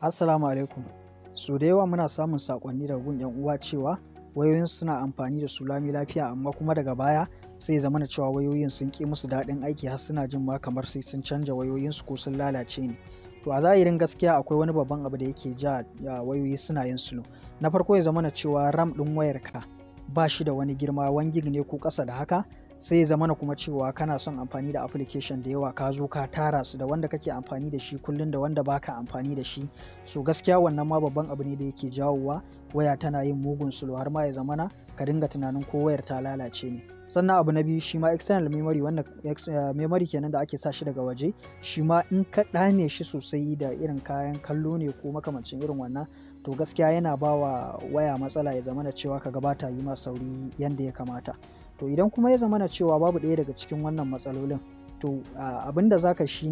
Assalamu alaikum. Su da yawa muna samun saƙonni daga gun 'yan uwa cewa wayoyin suna amfani da su lami lafiya amma kuma daga baya sai zama na cewa wayoyin sun ƙi musu daɗin aiki har suna jin ma kamar sai sun canja wayoyinsu ko sun lalace ne. to a zahirin gaskiya akwai wani babban abu da yake ja wayoyi suna yin sulo. na farko ya zama na cewa ram ɗin wayarka ba shi da wani girma wan ne ko ƙasa da haka sai ya zamana kuma cewa kana son amfani da application da yawa ka zo ka tara su da wanda kake amfani da shi kullum da wanda baka amfani da shi so gaskiya wannan ma babban abu ne da yake jawowa waya tana yin mugun sulwa har ma ya zamana ka dinga tunanin ko wayar ta lalace ne sannan abu na biyu shi ma external memory wannan eh, memory kenan da ake sa shi daga waje shi ma in ka dame shi sosai da irin kayan kallo ne ko makamancin irin wannan to gaskiya yana ba wa waya matsala ya zamana cewa ka gabata yi ma sauri yadda ya kamata to idan kuma ya zamana cewa babu ɗaya daga cikin wannan matsalolin to abin da za ka shi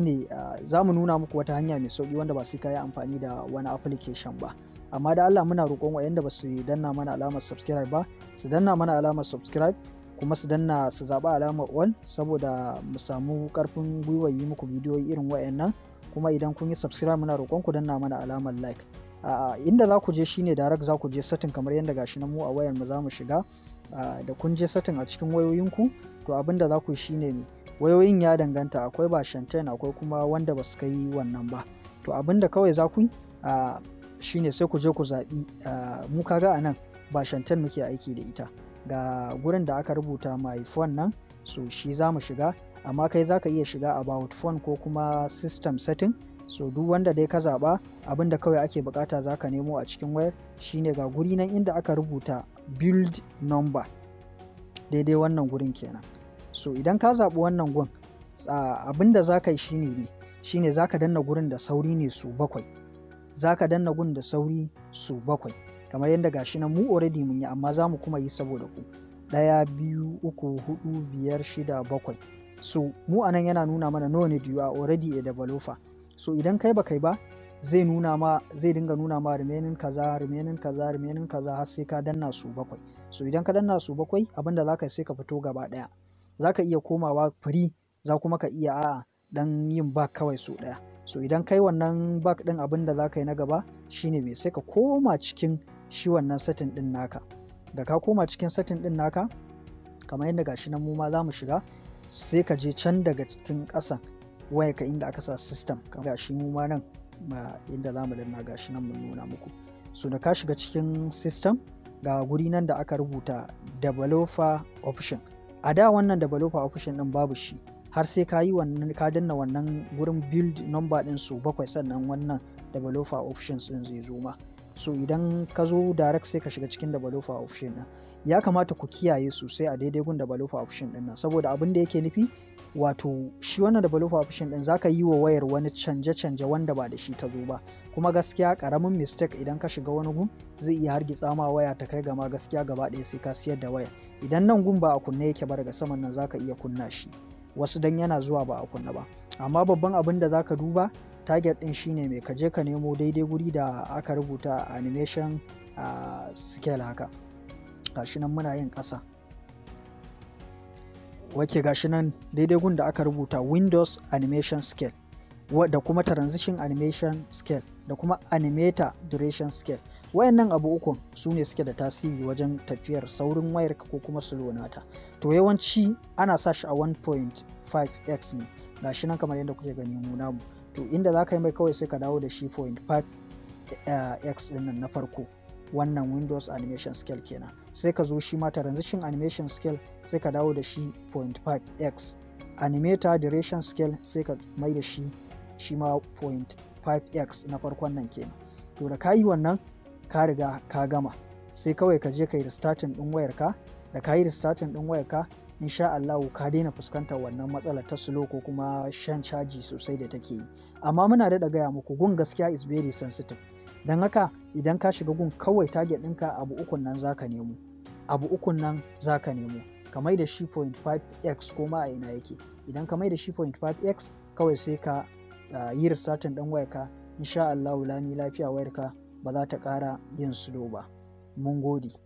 ne za mu nuna muku wata hanya mai sauƙi wanda ba sai ka amfani da wani application ba amma da Allah muna roƙon waɗanda ba su danna mana alamar subscribe ba su danna mana alamar subscribe kuma su danna su zaɓi alamar on saboda mu samu ƙarfin gwiwa yi muku bidiyoyi irin wayannan? kuma idan kun yi subscribe muna roƙon ku danna mana alamar like A'a, inda za ku je shine direct za ku je setting kamar yadda gashi nan mu a wayar mu za mu shiga da kun je setting a cikin wayoyinku to abin da za ku shine ne wayoyin ya danganta akwai ba shantain akwai kuma wanda ba su kai wannan ba to abin da kawai za ku yi shine sai ku je ku zaɓi mu kaga a nan ba shantain muke aiki da ita ga gurin da aka rubuta my phone nan so shi za mu shiga amma kai za ka iya shiga about phone ko kuma system setting so duk wanda dai ka abin da kawai ake bukata za ka nemo a cikin wayar shine ga guri nan inda aka rubuta build number daidai wannan gurin kenan so idan ka zaɓi wannan gun abinda za ka yi shine ne shine za ka danna gurin da sauri ne su bakwai za ka danna gun da sauri su bakwai kamar yadda gashi nan mu already mun yi amma za mu kuma yi saboda ku ɗaya biyu uku hudu biyar shida bakwai so mu anan yana nuna mana no need you are already a developer so idan kai ba kai ba zai nuna ma zai dinga nuna ma remaining kaza remaining kaza remaining kaza har sai ka danna su bakwai so idan ka danna su bakwai abinda zaka sai ka fito gaba daya zaka iya komawa free za kuma ka iya a'a dan yin back kawai so daya so idan kai wannan back din abinda zaka yi na gaba shine me sai ka koma cikin shi wannan setting din naka da ka koma cikin setting din naka kamar yadda gashi nan mu ma za mu shiga sai ka je can daga cikin ƙasan waya ka inda aka sa system ga shi mu ma nan inda za mu danna ga shi nan mun nuna muku so da ka shiga cikin system ga guri nan da aka rubuta developer option a da wannan developer option din babu shi har sai ka yi wannan ka danna wannan gurin build number din su bakwai sannan wannan developer options din zai zo ma so idan ka zo direct sai ka shiga cikin developer option din ya kamata ku kiyaye sosai a daidai gun developer option din nan saboda abin da yake nufi wato shi wannan developer option din zaka yi wa wayar wani canje-canje wanda ba da shi ta zo ba kuma gaskiya karamin mistake idan ka shiga wani gun zai iya hargitsa ma waya ta kai gama gaskiya gaba ɗaya sai ka siyar da waya idan nan gun ba a kunne yake ba daga saman nan zaka iya kunna shi wasu dan yana zuwa ba a kunna ba amma babban abin da zaka duba target din shine mai kaje ka nemo daidai guri da aka rubuta animation uh, scale haka gashi nan muna yin ƙasa wake gashi nan daidai gun da aka rubuta windows animation scale da kuma transition animation scale da kuma animator duration scale wayannan abu uku su ne suke da tasiri wajen tafiyar saurin wayarka ko kuma slow nata to yawanci ana sa shi a 1.5x ne gashi nan kamar yadda kuke gani mu namu to inda za ka yi mai kawai sai ka dawo da shi 0.5x eh, din nan na farko wannan windows animation scale kenan sai ka zo shi ma transition animation scale sai ka dawo da shi 0.5x animator duration scale sai ka mai da shi shi ma 0.5x na farkon nan kenan to da ka yi wannan ka riga ka gama sai kawai ka je ka yi restarting din wayarka da ka yi restarting din wayarka insha Allah ka daina fuskantar wannan matsalar ta slow ko kuma shan caji sosai da take yi amma muna daɗa gaya muku gun gaskiya is very sensitive don haka idan ka shiga gun kawai target ɗinka abu ukun nan zaka nemo abu ukun nan zaka nemo ka da shi 0.5x ko ma a ina yake idan ka mai da shi 0.5x kawai sai ka ah, yi ɗan ɗin wayarka insha Allah lami lafiya wayarka ba za ta ƙara yin slow ba mun gode